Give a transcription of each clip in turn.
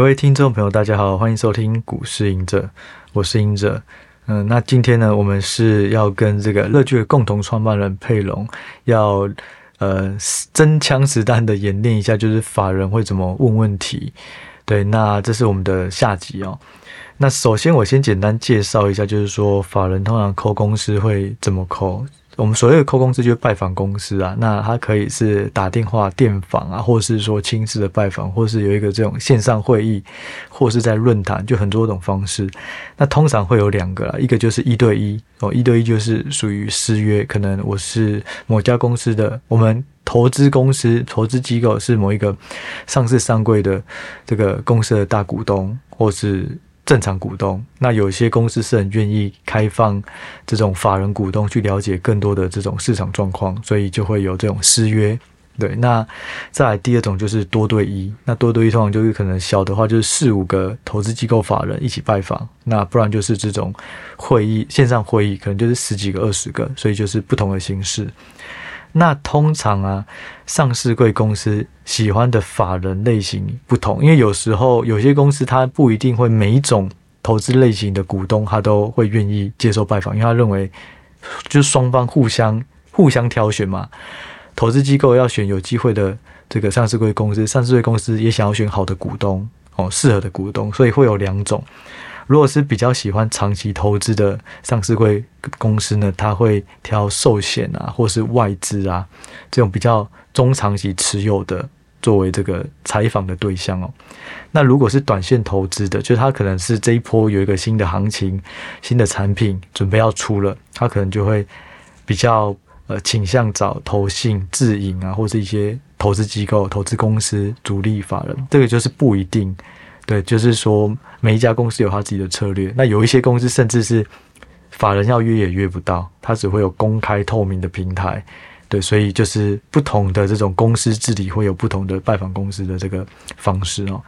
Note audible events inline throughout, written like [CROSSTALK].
各位聽眾朋友，大家好，歡迎收聽股市隱者，我是隱者。嗯、呃，那今天呢，我們是要跟這個樂居的共同創辦人佩蓉，要呃真槍實彈的演練一下，就是法人會怎麼問問題。對，那這是我們的下集哦。那首先我先簡單介紹一下，就是說法人通常扣公司會怎麼扣。我們所謂的 call 公司就是拜訪公司啊，那它可以是打電話、電訪啊，或是說親自的拜訪，或是有一個這種線上會議，或是在論壇，就很多種方式。那通常會有兩個啦，一個就是一對一哦，一對一就是屬於私約，可能我是某家公司的，我們投資公司、投資機構是某一個上市、上櫃的這個公司的大股東，或是。正常股東，那有些公司是很願意開放這種法人股東去了解更多的這種市場狀況，所以就會有這種私約。對，那再來第二種就是多對一，那多對一通常就是可能小的話就是四五個投資機構法人一起拜訪，那不然就是這種會議線上會議，可能就是十幾個、二十個，所以就是不同的形式。那通常啊，上市櫃公司喜歡的法人類型不同，因為有時候有些公司它不一定會每一種投資類型的股東，他都會願意接受拜訪，因為他認為就雙方互相互相挑選嘛。投資機構要選有機會的這個上市櫃公司，上市櫃公司也想要選好的股東哦，適合的股東，所以會有兩種。如果是比較喜歡長期投資的上市櫃公司呢，他會挑壽險啊，或是外資啊這種比較中長期持有的作為這個採訪的對象哦。那如果是短線投資的，就是他可能是這一波有一個新的行情、新的產品準備要出了，他可能就會比較呃傾向找投信、自營啊，或是一些投資機構、投資公司、主力法人，這個就是不一定。對，就是說每一家公司有他自己的策略。那有一些公司甚至是法人要約也約不到，他只會有公開透明的平台。對，所以就是不同的這種公司治理會有不同的拜訪公司的這個方式哦。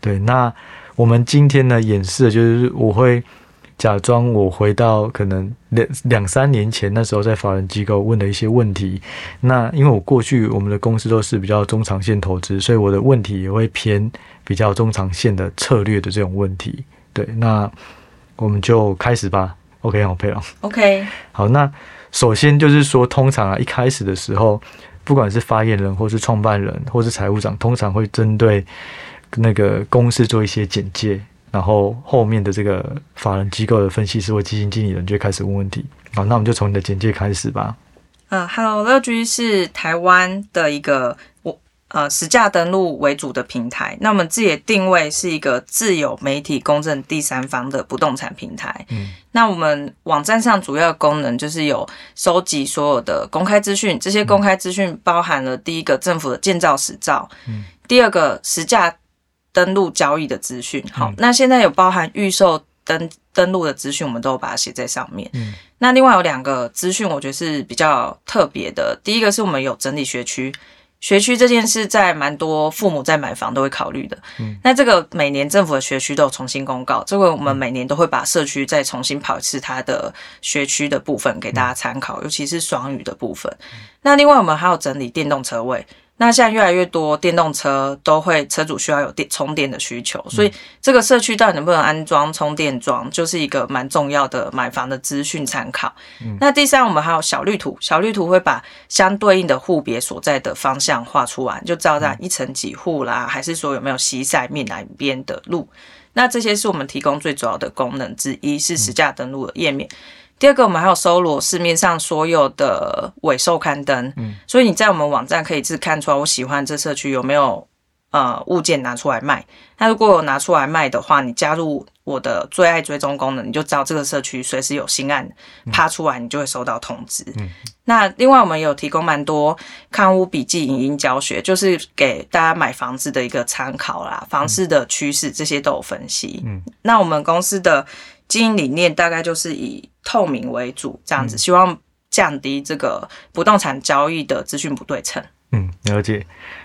對，那我們今天呢演示的就是我會。假裝我回到可能兩兩三年前那時候，在法人機構問的一些問題。那因為我過去我們的公司都是比較中長線投資，所以我的問題也會偏比較中長線的策略的這種問題。對，那我們就開始吧。OK，好，佩蓉。OK, okay. 好。那首先就是說，通常啊，一開始的時候，不管是發言人或是創辦人或是財務長，通常會針對那個公司做一些簡介。然後後面的這個法人機構的分析師或基金經理人就開始問問題好，那我們就從你的簡介開始吧。嗯、呃、，Hello 樂居是台灣的一個我呃實價登錄為主的平台，那我們自己的定位是一個自有媒體、公正第三方的不動產平台。嗯，那我們網站上主要的功能就是有收集所有的公開資訊，這些公開資訊包含了第一個政府的建造執照，嗯、第二個實價。登錄交易的資訊，好，那現在有包含預售登登錄的資訊，我們都把它寫在上面。嗯，那另外有兩個資訊，我覺得是比較特別的。第一個是我們有整理學區，學區這件事在蠻多父母在買房都會考慮的。嗯，那這個每年政府的學區都有重新公告，這個我們每年都會把社區再重新跑一次它的學區的部分給大家參考，尤其是雙語的部分。嗯，那另外我們還有整理電動車位。那現在越來越多電動車都會車主需要有電充電的需求，所以這個社區到底能不能安裝充電樁，就是一個蠻重要的買房的資訊參考。嗯、那第三，我們還有小綠圖，小綠圖會把相對應的戶別所在的方向畫出來，就知道在一層幾戶啦，還是說有沒有西曬面南邊的路。那這些是我們提供最主要的功能之一，是實價登錄的頁面。第二個，我們還有搜羅市面上所有的尾售刊登，嗯、所以你在我們網站可以自己看出來，我喜歡這社區有沒有呃物件拿出來賣。那如果有拿出來賣的話，你加入我的最愛追蹤功能，你就知道這個社區隨時有新案趴出來，你就會收到通知。嗯、那另外，我們有提供蠻多看屋筆記影音教學，就是給大家買房子的一個參考啦，房市的趨勢這些都有分析。嗯、那我們公司的。經營理念大概就是以透明為主，這樣子，希望降低這個不動産交易的資訊不對稱。嗯，了解。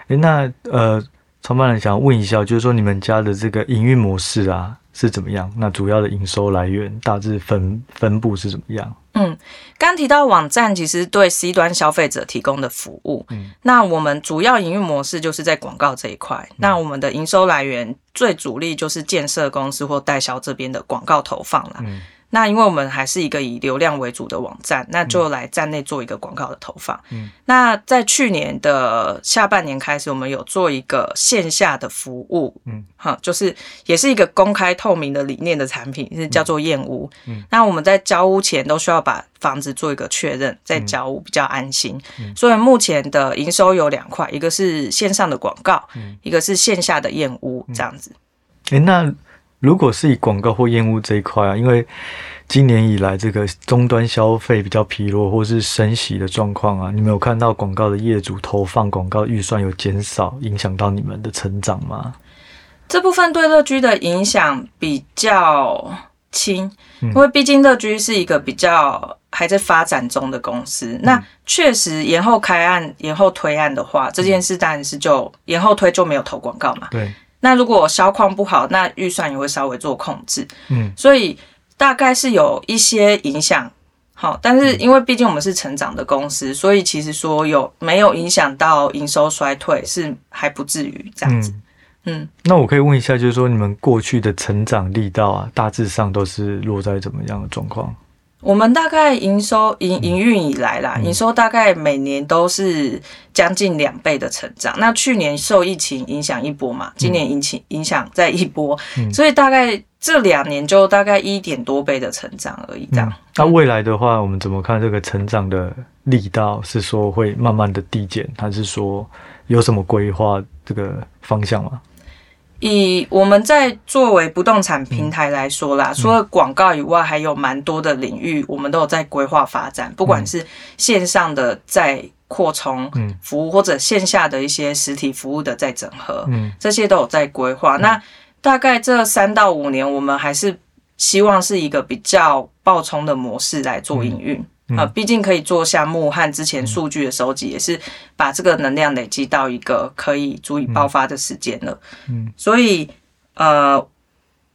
哎，那呃。創辦人想問一下，就是說你們家的這個營運模式啊是怎麼樣？那主要的營收來源大致分分佈是怎麼樣？嗯，剛提到網站其實對 C 端消費者提供的服務，嗯，那我們主要營運模式就是在廣告這一塊。嗯，那我們的營收來源最主力就是建設公司或代銷這邊的廣告投放啦。嗯。那因為我們還是一個以流量為主的網站，那就來站內做一個廣告的投放。嗯，那在去年的下半年開始，我們有做一個線下的服務。嗯，哈，就是也是一個公開透明的理念的產品，是叫做驗屋。嗯，那我們在交屋前都需要把房子做一個確認，在交屋比較安心。嗯，所以目前的營收有兩塊，一個是線上的廣告，嗯，一個是線下的驗屋，這樣子。欸，那。如果是以廣告或業務這一塊啊，因為今年以來這個終端消費比較疲弱，或是升息的狀況啊，你們有看到廣告的業主投放廣告預算有減少，影響到你們的成長嗎？這部分對樂居的影響比較輕，嗯、因為畢竟樂居是一個比較還在發展中的公司。嗯、那確實延後開案、延後推案的話，這件事當然是就、嗯、延後推就沒有投廣告嘛。對。那如果銷況不好，那預算也會稍微做控制，嗯，所以大概是有一些影響，好，但是因為畢竟我們是成長的公司，嗯、所以其實說有沒有影響到營收衰退是還不至於這樣子，嗯，這樣子，嗯，那我可以問一下，就是說你們過去的成長力道啊，大致上都是落在怎麼樣的狀況？我們大概營收營營運以來啦，嗯、營收大概每年都是將近兩倍的成長。嗯、那去年受疫情影響一波嘛，今年疫情影響再一波，嗯、所以大概這兩年就大概一點多倍的成長而已。這樣、嗯，那未來的話，我們怎麼看這個成長的力道？是說會慢慢的遞減，還是說有什麼規劃這個方向嗎？以我們在作為不動產平台來說啦，除了廣告以外，還有蠻多的領域，我們都有在規劃發展。不管是線上的在擴充服務，或者線下的一些實體服務的在整合，這些都有在規劃。那大概這三到五年，我們還是希望是一個比較暴衝的模式來做營運。啊，畢、嗯呃、竟可以做項目和之前數據的收集，嗯、也是把這個能量累積到一個可以足以爆發的時間了嗯。嗯，所以呃，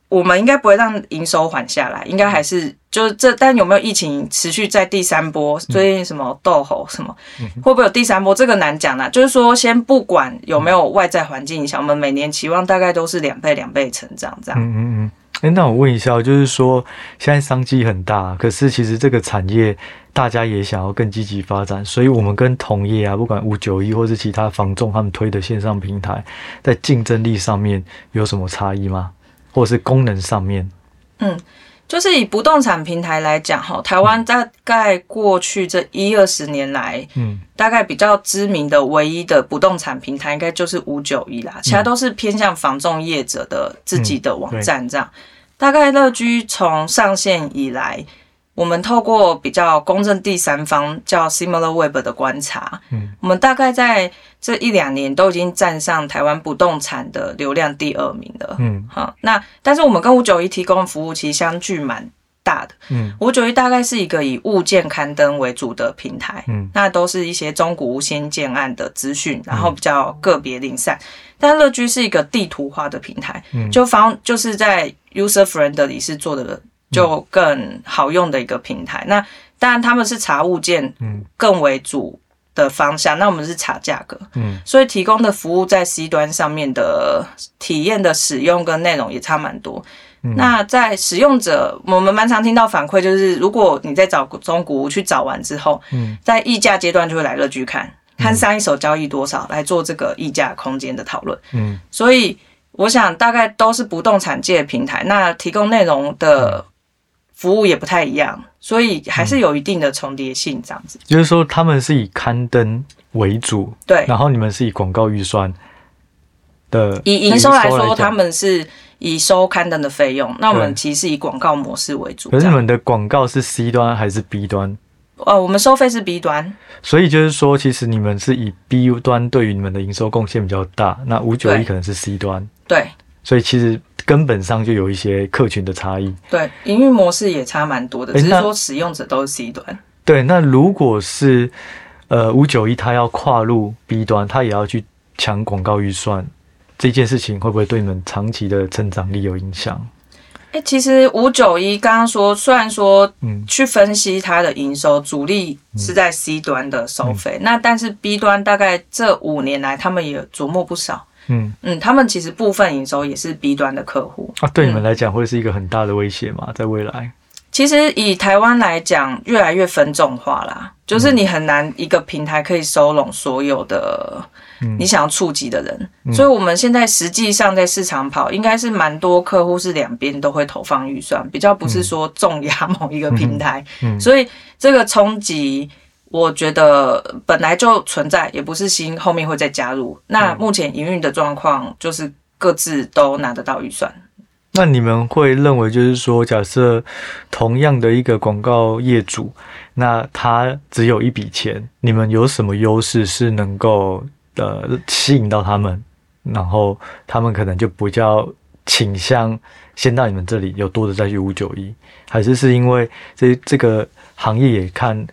我們應該不會讓營收緩下來，應該還是就是這。但有沒有疫情持續在第三波？最近什麼鬥吼、嗯、什麼，會不會有第三波？這個難講啦、啊。就是說，先不管有沒有外在環境影響，嗯、我們每年期望大概都是兩倍兩倍成長這樣。嗯嗯嗯。嗯嗯哎、欸，那我問一下，就是說現在商機很大，可是其實這個產業大家也想要更積極發展，所以，我們跟同業啊，不管五九一或是其他房仲，他們推的線上平台，在競爭力上面有什麼差異嗎？或者是功能上面？嗯。就是以不動產平台來講，哈，台灣大概過去這一二十年來，嗯，大概比較知名的唯一的不動產平台，應該就是五九一啦，嗯，其他都是偏向房仲業者的自己的網站這樣。嗯，大概樂居從上線以來。我們透過比較公正第三方叫 SimilarWeb 的觀察，嗯，我們大概在這一兩年都已經站上台灣不動產的流量第二名了，嗯，好，那但是我們跟五九一提供服務其實相距蠻大的，嗯，五九一大概是一個以物件刊登為主的平台，嗯，那都是一些中古屋、新建案的資訊，嗯，然後比較個別零散，但樂居是一個地圖化的平台，嗯，就方就是在 user friendly 裡是做的。就更好用的一個平台。那當然他們是查物件更為主的方向，嗯、那我們是查價格。嗯，所以提供的服務在 C 端上面的體驗的使用跟內容也差蠻多。嗯、那在使用者，我們蠻常聽到反饋就是，如果你在找中古屋去找完之後，嗯、在議價階段就會來樂居看看上一手交易多少，來做這個議價空間的討論。嗯，所以我想大概都是不動產界平台，那提供內容的。服務也不太一樣，所以還是有一定的重疊性。這樣子，嗯、就是說他們是以刊登為主，對，然後你們是以廣告預算的，以營收來說，他們是以收刊登的費用。嗯、那我們其實是以廣告模式為主。可是你們的廣告是 C 端還是 B 端？哦，呃、我們收費是 B 端，所以就是說，其實你們是以 B 端對於你們的營收貢獻比較大。那五九一可能是 C 端，對，所以其實。根本上就有一些客群的差異，對，營運模式也差蠻多的，只是說使用者都是 C 端。對，那如果是呃591，他要跨入 B 端，他也要去搶廣告預算，這件事情會不會對你們長期的成長力有影響？誒，其實591剛剛說，雖然說嗯，去分析它的營收主力是在 C 端的收費，嗯，那但是 B 端大概這五年來，他們也琢磨不少。嗯嗯，他們其實部分營收也是 B 端的客戶啊，對你們來講會是一個很大的威脅嗎？嗯、在未來，其實以台灣來講，越來越分眾化啦，就是你很難一個平台可以收攏所有的你想要觸及的人，嗯、所以我們現在實際上在市場跑，應該是蠻多客戶是兩邊都會投放預算，比較不是說重押某一個平台，嗯嗯嗯、所以這個衝擊。我覺得本來就存在，也不是新，後面會再加入。那目前營運的狀況就是各自都拿得到預算。嗯。那你們會認為，就是說，假設同樣的一個廣告業主，那他只有一筆錢，你們有什麼優勢是能夠呃吸引到他們，然後他們可能就比較傾向先到你們這裡，有多的再去五九一，還是是因為這這個行業也看。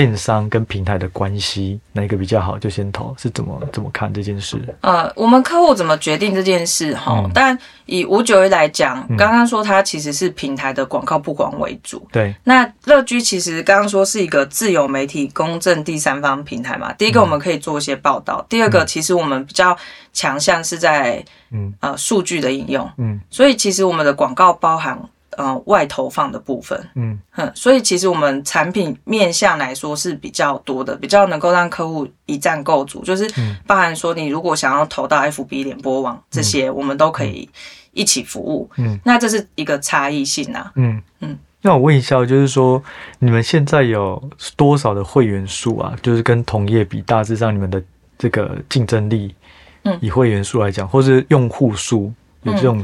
電商跟平台的關係，哪一個比較好就先投，是怎麼怎麼看這件事？呃，我們客戶怎麼決定這件事哈？吼嗯、但以五九一來講，剛剛、嗯、說它其實是平台的廣告曝光為主。對，那樂居其實剛剛說是一個自由媒體、公正第三方平台嘛。第一個我們可以做一些報道，嗯、第二個其實我們比較強項是在嗯呃數據的應用，嗯，嗯所以其實我們的廣告包含。嗯、呃，外投放的部分，嗯哼，所以其實我們產品面向來說是比較多的，比較能夠讓客戶一站購足，就是包含說你如果想要投到 FB、聯播網這些，嗯、我們都可以一起服務。嗯，那這是一個差異性啊。嗯嗯，嗯那我問一下，就是說你們現在有多少的會員數啊？就是跟同業比，大致上你們的這個競爭力，嗯，以會員數來講，或是用戶數，有這種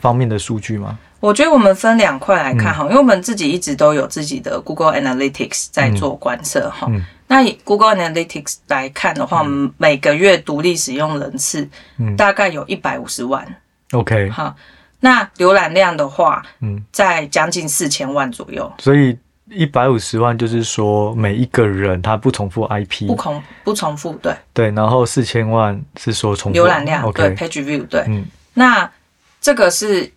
方面的數據嗎？嗯我覺得我們分兩塊來看哈，因為我們自己一直都有自己的 Google Analytics 在做觀測哈。那以 Google Analytics 來看的話，我們每個月獨立使用人次大概有一百五十萬。OK。哈，那瀏覽量的話，嗯，在將近四千萬左右。所以一百五十萬就是說每一個人他不重複 IP，不重不重複，對。對，然後四千萬是說重複瀏覽量，對 Page View，對。嗯，那這個是。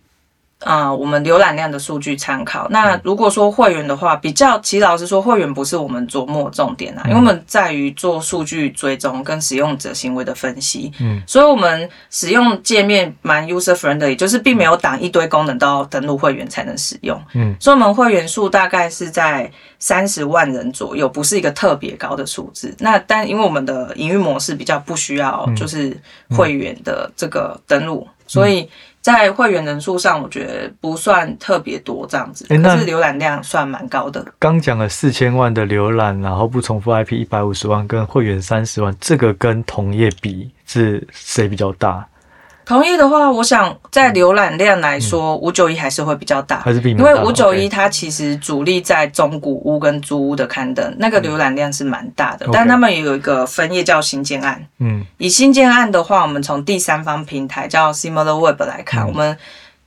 啊、呃，我們瀏覽量的數據參考。那如果說會員的話，比較其實老實說，會員不是我們著墨重點啊，嗯、因為我們在於做數據追蹤跟使用者行為的分析。嗯，所以我們使用界面蠻 user friendly，就是並沒有擋一堆功能到登錄會員才能使用。嗯，所以我們會員數大概是在三十萬人左右，不是一個特別高的數字。那但因為我們的營運模式比較不需要就是會員的這個登錄，嗯嗯、所以。在會員人數上，我覺得不算特別多，這樣子。但是瀏覽量算蠻高的。剛講了四千萬的瀏覽，然後不重複 IP 一百五十萬，跟會員三十萬，這個跟同業比是誰比較大？同業的話，我想在瀏覽量來說，五九一還是會比較大，還是因為五九一它其實主力在中古屋跟租屋的刊登，那個瀏覽量是蠻大的。但他們有一個分頁叫新建案，嗯，以新建案的話，我們從第三方平台叫 SimilarWeb 來看，我們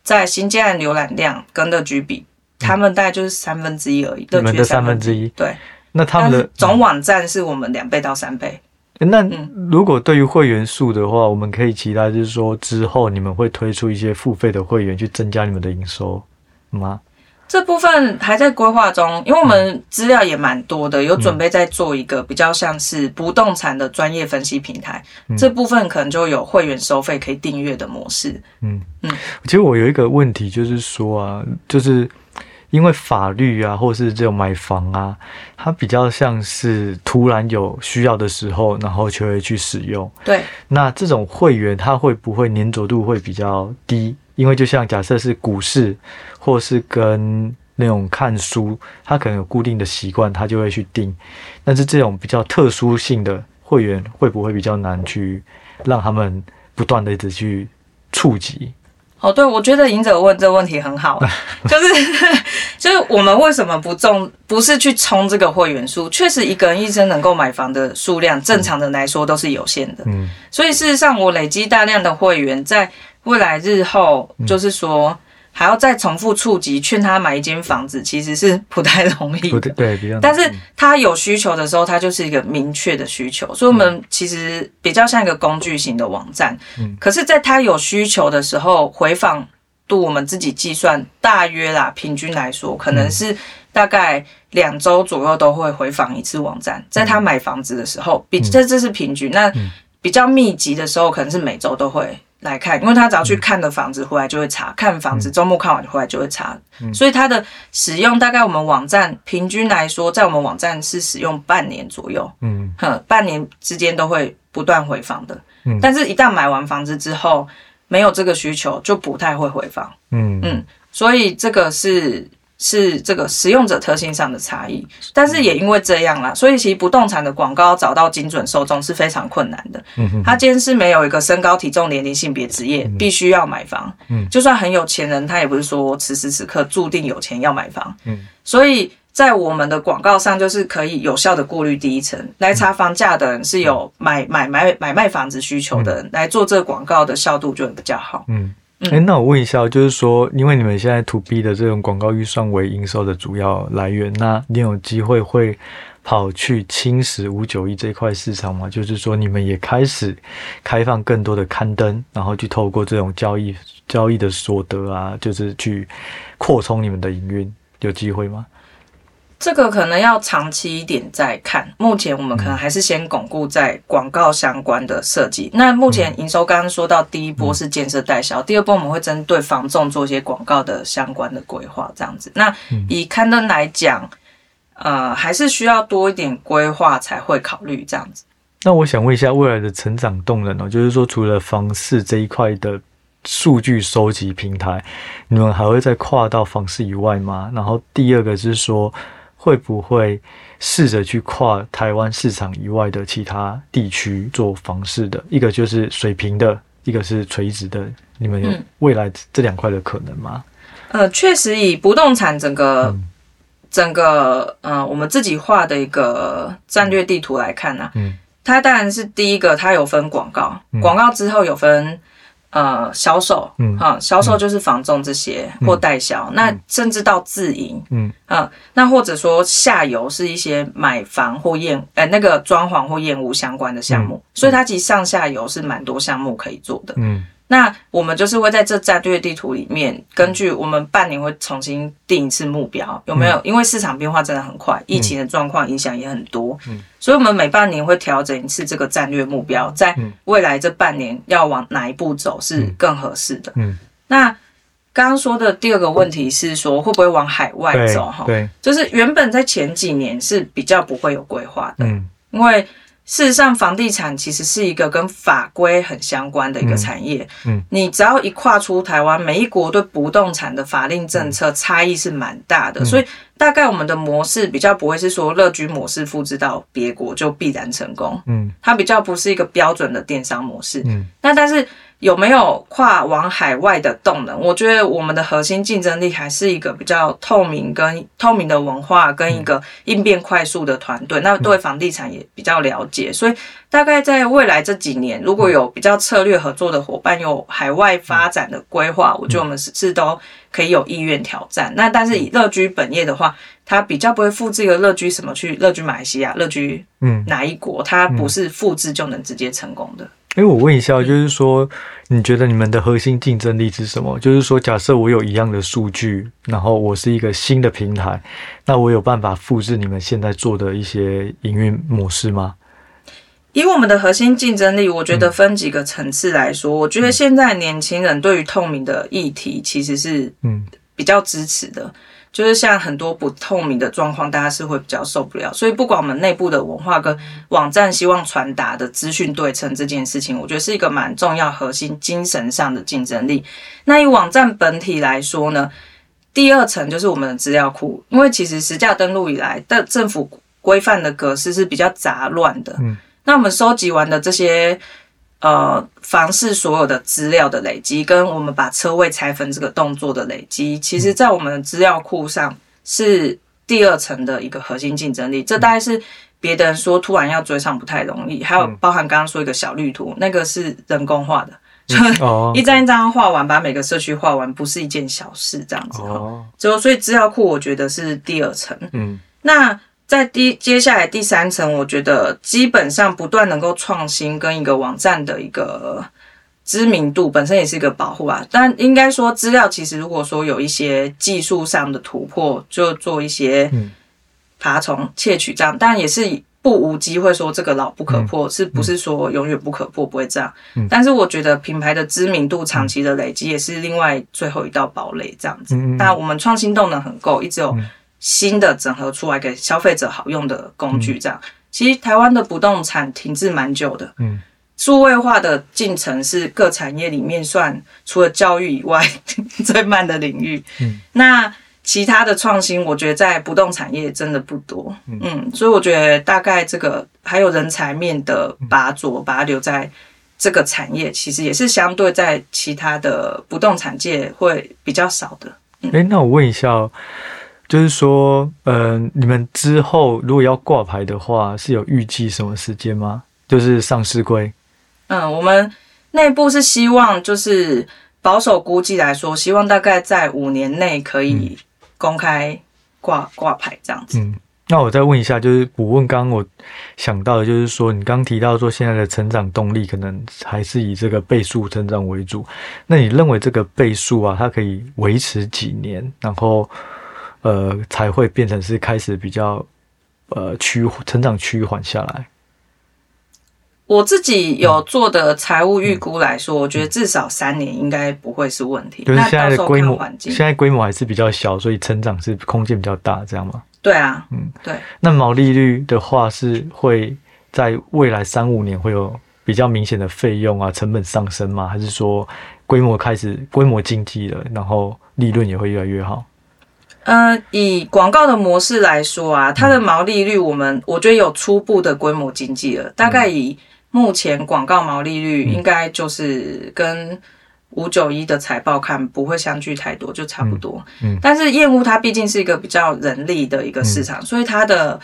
在新建案瀏覽量跟樂居比，他們大概就是三分之一而已，樂居三分之一，對，那他們的總網站是我們兩倍到三倍。欸、那如果對於會員數的話，嗯、我們可以期待，就是說之後你們會推出一些付費的會員去增加你們的營收、嗯、嗎？這部分還在規劃中，因為我們資料也蠻多的，嗯、有準備在做一個比較像是不動產的專業分析平台，嗯、這部分可能就有會員收費可以訂閱的模式。嗯嗯，嗯其實我有一個問題，就是說啊，就是。因為法律啊，或是這種買房啊，它比較像是突然有需要的時候，然後就會去使用。對。那這種會員，他會不會粘着度會比較低？因為就像假設是股市，或是跟那種看書，他可能有固定的習慣，他就會去訂。但是這種比較特殊性的會員，會不會比較難去讓他們不斷的一直去觸及？哦，oh, 對，我覺得隱者問這個問題很好， [LAUGHS] 就是就是我們為什麼不中，不是去衝這個會員數？確實，一個人一生能夠買房的數量，正常的來說都是有限的。嗯，所以事實上，我累積大量的會員，在未來日後，就是說。嗯嗯還要再重複觸及勸他買一間房子，其實是不太容易的。對，比較。但是他有需求的時候，他就是一個明確的需求，嗯，所以我們其實比較像一個工具型的網站。嗯，可是，在他有需求的時候，回訪度我們自己計算，大約啦，平均來說，可能是大概兩周左右都會回訪一次網站。在他買房子的時候，嗯，比這這是平均，那比較密集的時候，可能是每周都會。來看，因為他只要去看的房子，回來就會查、嗯、看房子。周末看完回來就會查，嗯、所以他的使用大概我們網站平均來說，在我們網站是使用半年左右。嗯哼，半年之間都會不斷回訪的。嗯，但是一旦買完房子之後，沒有這個需求，就不太會回訪。嗯嗯，所以這個是。是這個使用者特性上的差異，但是也因為這樣啦，所以其實不動產的廣告找到精準受眾是非常困難的。嗯哼，它今天是沒有一個身高、體重年齡、年齡、性別、職業必須要買房。嗯，就算很有錢人，他也不是說此時此刻注定有錢要買房。嗯，所以在我們的廣告上，就是可以有效的過濾第一層，來查房價的人是有買買買買賣房子需求的人，來做這廣告的效度就很比較好。嗯。哎，那我問一下，就是說，因為你們現在 to B 的這種廣告預算為營收的主要來源，那你有機會會跑去侵蝕五九一這塊市場嗎？就是說，你們也開始開放更多的刊登，然後去透過這種交易交易的所得啊，就是去擴充你們的營運，有機會嗎？這個可能要長期一點再看，目前我們可能還是先鞏固在廣告相關的設計。嗯、那目前營收剛剛說到第一波是建設代銷，嗯嗯、第二波我們會針對房仲做一些廣告的相關的規劃，這樣子。那以刊登來講，嗯、呃，還是需要多一點規劃才會考慮這樣子。那我想問一下未來的成長動能哦，就是說除了房市這一塊的數據收集平台，你們還會再跨到房市以外嗎？然後第二個是說。會不會試着去跨台灣市場以外的其他地區做房市的一個，就是水平的，一個是垂直的，你們有未來這兩塊的可能嗎？嗯、呃，確實以不動產整個、嗯、整個呃我們自己畫的一個戰略地圖來看呢、啊嗯，嗯，它當然是第一個，它有分廣告，廣告之後有分。呃，銷售，嗯，哈、啊，銷售就是房仲這些、嗯、或代銷，嗯、那甚至到自營，嗯，啊，那或者說下游是一些買房或驗，呃，那個裝潢或驗屋相關的項目，嗯、所以它其實上下游是蠻多項目可以做的，嗯。嗯那我們就是會在這戰略地圖裡面，根據我們半年會重新定一次目標，有沒有？因為市場變化真的很快，疫情的狀況影響也很多，嗯，所以我們每半年會調整一次這個戰略目標，在未來這半年要往哪一步走是更合適的。嗯，那剛剛說的第二個問題是說會不會往海外走？哈，對，就是原本在前幾年是比較不會有規劃的，因為。事實上，房地產其實是一個跟法規很相關的一個產業。嗯，嗯，你只要一跨出台灣，每一國對不動產的法令政策差異是蠻大的，嗯，所以大概我們的模式比較不會是說樂居模式複製到別國就必然成功。嗯，它比較不是一個標準的電商模式。嗯，那但，但是。有沒有跨往海外的動能？我覺得我們的核心競爭力還是一個比較透明跟透明的文化，跟一個應變快速的團隊。那對房地產也比較了解，所以大概在未來這幾年，如果有比較策略合作的夥伴，有海外發展的規劃，我覺得我們是是都可以有意願挑戰。那但是以樂居本業的話，它比較不會複製一個樂居什麼去樂居馬來西亞、樂居嗯哪一國，它不是複製就能直接成功的。誒，我問一下，就是說，你覺得你們的核心競爭力是什麼？就是說，假設我有一樣的數據，然後我是一個新的平台，那我有辦法複製你們現在做的一些營運模式嗎？以我們的核心競爭力，我覺得分幾個層次來說，嗯，我覺得現在年輕人對於透明的議題其實是，嗯，比較支持的。就是像很多不透明的狀況，大家是會比較受不了。所以，不管我們內部的文化跟網站希望傳達的資訊對稱這件事情，我覺得是一個蠻重要核心精神上的競爭力。那以網站本體來說呢，第二層就是我們的資料庫，因為其實實價登錄以來的政府規範的格式是比較雜亂的。嗯，那我們收集完的這些。呃，房市所有的資料的累積，跟我們把車位拆分這個動作的累積，其實在我們的資料庫上是第二層的一個核心競爭力。這大概是別的人說突然要追上不太容易。還有包含剛剛說一個小綠圖，嗯、那個是人工畫的，嗯、就一張一張畫完，把每個社區畫完，不是一件小事。這樣子、喔，就、嗯、所以資料庫我覺得是第二層。嗯，那。在第接下來第三層，我覺得基本上不斷能夠創新，跟一個網站的一個知名度本身也是一個保護吧。但應該說，資料其實如果說有一些技術上的突破，就做一些爬蟲竊取這樣，但也是不無機會說這個牢不可破，是不是說永遠不可破？不會這樣。但是我覺得品牌的知名度長期的累積也是另外最後一道堡壘這樣子。那我們創新動能很夠，一直有。新的整合出來給消費者好用的工具，這樣、嗯、其實台灣的不動產停滯蠻久的。嗯，數位化的進程是各產業裡面算除了教育以外 [LAUGHS] 最慢的領域。嗯，那其他的創新，我覺得在不動產業真的不多。嗯、嗯，所以我覺得大概這個還有人才面的、嗯、把左把它留在這個產業，其實也是相對在其他的不動產界會比較少的。哎、嗯欸，那我問一下、喔就是說，嗯、呃，你們之後如果要掛牌的話，是有預計什麼時間嗎？就是上市櫃。嗯，我們內部是希望，就是保守估計來說，希望大概在五年內可以公開掛、嗯、掛牌這樣子。嗯，那我再問一下，就是我問剛剛我想到的就是說，你剛提到說現在的成長動力可能還是以這個倍數成長為主，那你認為這個倍數啊，它可以維持幾年？然後。呃，才會變成是開始比較，呃，趨成長趨緩下來。我自己有做的財務預估來說，嗯、我覺得至少三年應該不會是問題。嗯、就是現在的規模，現在規模還是比較小，所以成長是空間比較大，這樣嗎？對啊，嗯，對。那毛利率的話，是會在未來三五年會有比較明顯的費用啊，成本上升嗎？還是說規模開始，規模經濟了，然後利潤也會越來越好？呃，以廣告的模式來說啊，它的毛利率，我們我覺得有初步的規模經濟了。大概以目前廣告毛利率，應該就是跟五九一的財報看不會相距太多，就差不多。嗯嗯，但是業務它畢竟是一個比較人力的一個市場，所以它的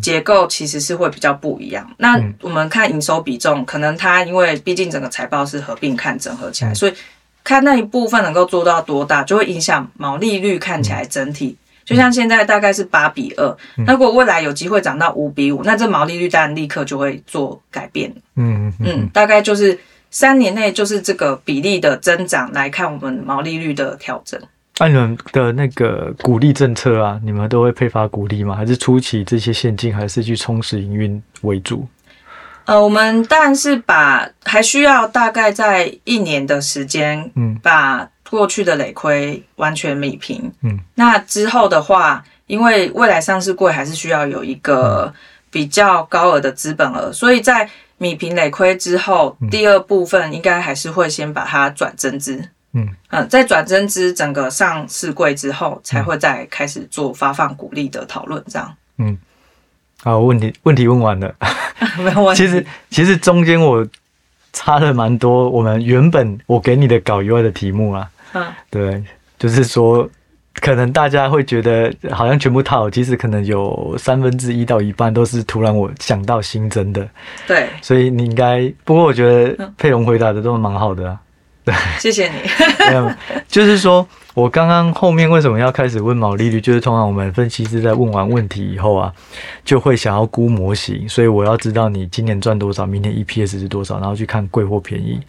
結構其實是會比較不一樣。那我們看營收比重，可能它因為畢竟整個財報是合併看整合起來，所以。它那一部分能夠做到多大，就會影響毛利率。看起來整體、嗯、就像現在大概是八比二、嗯，那如果未來有機會漲到五比五，那這毛利率當然立刻就會做改變。嗯嗯，嗯，大概就是三年內就是這個比例的增長來看我們毛利率的調整。按、啊、你們的那個股利政策啊，你們都會配發股利嗎？還是出起這些現金，還是去充實營運為主？呃，我們當然是把還需要大概在一年的時間，嗯，把過去的累虧完全弭平，嗯，嗯，那之後的話，因為未來上市櫃還是需要有一個比較高額的資本額，所以在弭平累虧之後，第二部分應該還是會先把它轉增資，嗯，嗯，呃，在轉增資整個上市櫃之後，才會再開始做發放股利的討論，這樣，嗯，好，問題問題問完了。 [LAUGHS] 其實其實中間我差了蠻多。我們原本我給你的稿以外的題目啊，嗯、對，就是說可能大家會覺得好像全部套，其實可能有三分之一到一半都是突然我想到新增的。對，所以你應該不過我覺得佩蓉回答的都蠻好的啊。對，謝謝你。沒有，就是說我剛剛後面為什麼要開始問毛利率？就是通常我們分析師在問完問題以後啊，就會想要估模型，所以我要知道你今年賺多少，明年 EPS 是多少，然後去看貴或便宜。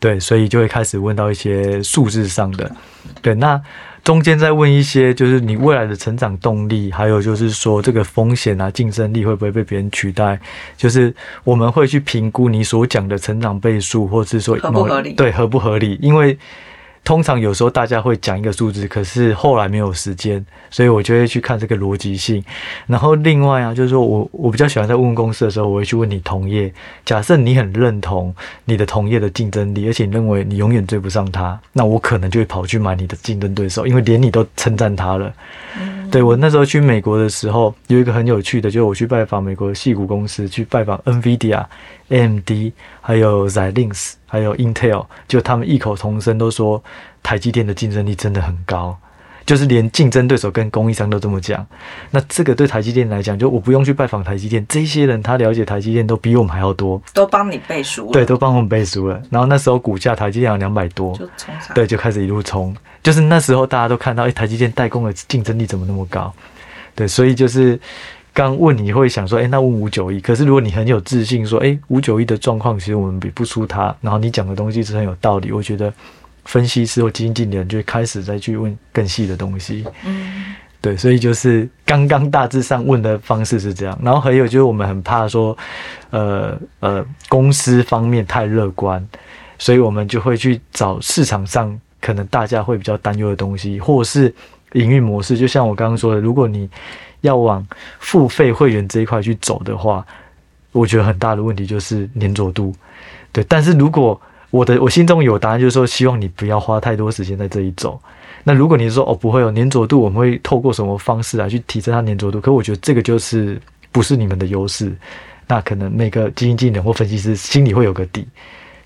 對，所以就會開始問到一些數字上的。對，那。中間再問一些，就是你未來的成長動力，還有就是說這個風險啊，競爭力會不會被別人取代？就是我們會去評估你所講的成長倍數，或是說有沒有合不合理？對，合不合理？因為。通常有時候大家會講一個數字，可是後來沒有時間，所以我就會去看這個邏輯性。然後另外啊，就是說我我比較喜歡在問，問公司的時候，我會去問你同業。假設你很認同你的同業的競爭力，而且你認為你永遠追不上他，那我可能就會跑去買你的競爭對手，因為連你都稱讚他了。對，我那時候去美國的時候，有一個很有趣的，就是我去拜訪美國的矽谷公司，去拜訪 NVIDIA、AMD，還有 Xilinx，還有 Intel，就他們異口同聲都說，台積電的競爭力真的很高。就是連競爭對手跟供應商都這麼講，那這個對台積電來講，就我不用去拜訪台積電這些人，他了解台積電都比我們還要多，都幫你背書。對，都幫我們背書了。然後那時候股價台積電有兩百多，就衝上，對，就開始一路衝。就是那時候大家都看到，哎、欸，台積電代工的競爭力怎麼那麼高？對，所以就是剛問你會想說，誒、欸，那問五九一？可是如果你很有自信，說，誒、欸，五九一的狀況其實我們比不輸他，然後你講的東西是很有道理，我覺得。分析師或基金經理人就會開始再去問更細的東西，對，所以就是剛剛大致上問的方式是這樣，然後還有就是我們很怕說，呃呃，公司方面太樂觀，所以我們就會去找市場上可能大家會比較擔憂的東西，或者是營運模式。就像我剛剛說的，如果你要往付費會員這一塊去走的話，我覺得很大的問題就是粘着度，對，但是如果我的我心中有答案，就是說希望你不要花太多時間在這一周。那如果你說哦不會有粘着度，我們會透過什麼方式來去提升它粘着度？可我覺得這個就是不是你們的優勢，那可能那個基金經理或分析師心裡會有個底。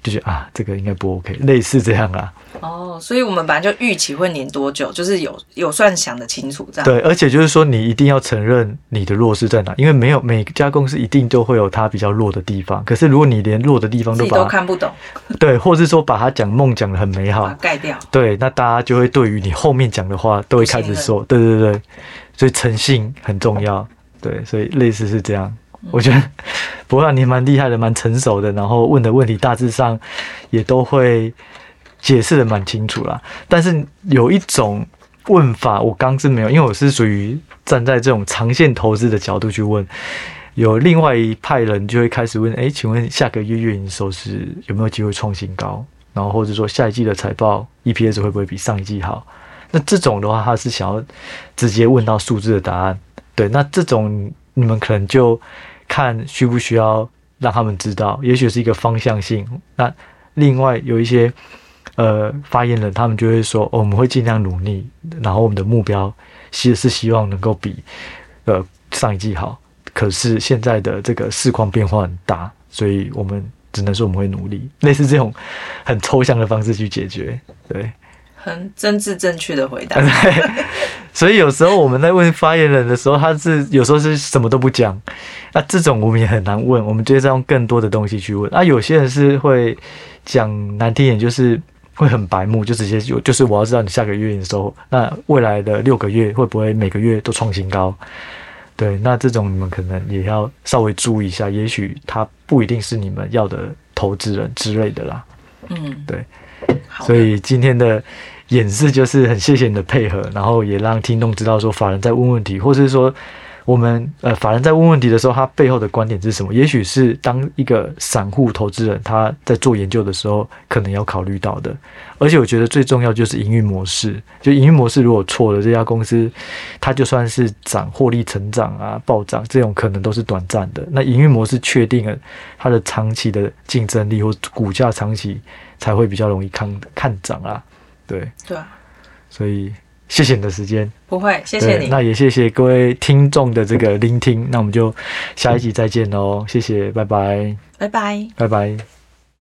就覺得啊，這個應該不 OK，類似這樣啊。哦，所以我們本來就預期會黏多久，就是有有算想得清楚這樣。對，而且就是說，你一定要承認你的弱勢在哪，因為沒有每家公司一定都會有它比較弱的地方。可是如果你連弱的地方都你都看不懂，對，或是說把它講夢講得很美好，把它蓋掉，對，那大家就會對於你後面講的話都會開始說，對對對，所以誠信很重要，對，所以類似是這樣。我覺得不過、啊、你蠻厲害的，蠻成熟的，然後問的問題大致上也都會解釋的蠻清楚啦。但是有一種問法，我剛是沒有，因為我是屬於站在這種長線投資的角度去問。有另外一派人就會開始問：哎，請問下個月月營收是有沒有機會創新高？然後或者說下一季的財報 EPS 會不會比上一季好？那這種的話，他是想要直接問到數字的答案。對，那這種你們可能就。看需不需要讓他們知道，也許是一個方向性。那另外有一些呃，發言人，他們就會說，哦，我們會盡量努力，然後我們的目標其實是希望能夠比呃，上一季好。可是現在的這個市況變化很大，所以我們只能說我們會努力，類似這種很抽象的方式去解決，對。很政治正確的回答。 [LAUGHS] 對，所以有時候我們在問發言人的時候，他是有時候是什麼都不講，那、啊、這種我們也很難問。我們直接用更多的東西去問。那、啊、有些人是會講難聽點，就是會很白目，就直接就就是我要知道你下個月營收，那未來的六個月會不會每個月都創新高？對，那這種你們可能也要稍微注意一下，也許他不一定是你們要的投資人之類的啦。嗯，對。所以今天的演示就是很謝謝你的配合，然後也讓聽眾知道說，法人在問問題，或是說我們呃法人在問問題的時候，他背後的觀點是什麼？也許是當一個散戶投資人他在做研究的時候，可能要考慮到的。而且我覺得最重要就是營運模式，就營運模式如果錯了，這家公司它就算是漲獲利成長啊暴漲，這種可能都是短暫的。那營運模式確定了，它的長期的競爭力或股價長期。才會比較容易看看漲啊，對對，所以謝謝你的時間，不會謝謝你，那也謝謝各位聽眾的這個聆聽，那我們就下一集再見嘍，嗯、謝謝，拜拜，拜拜，拜拜。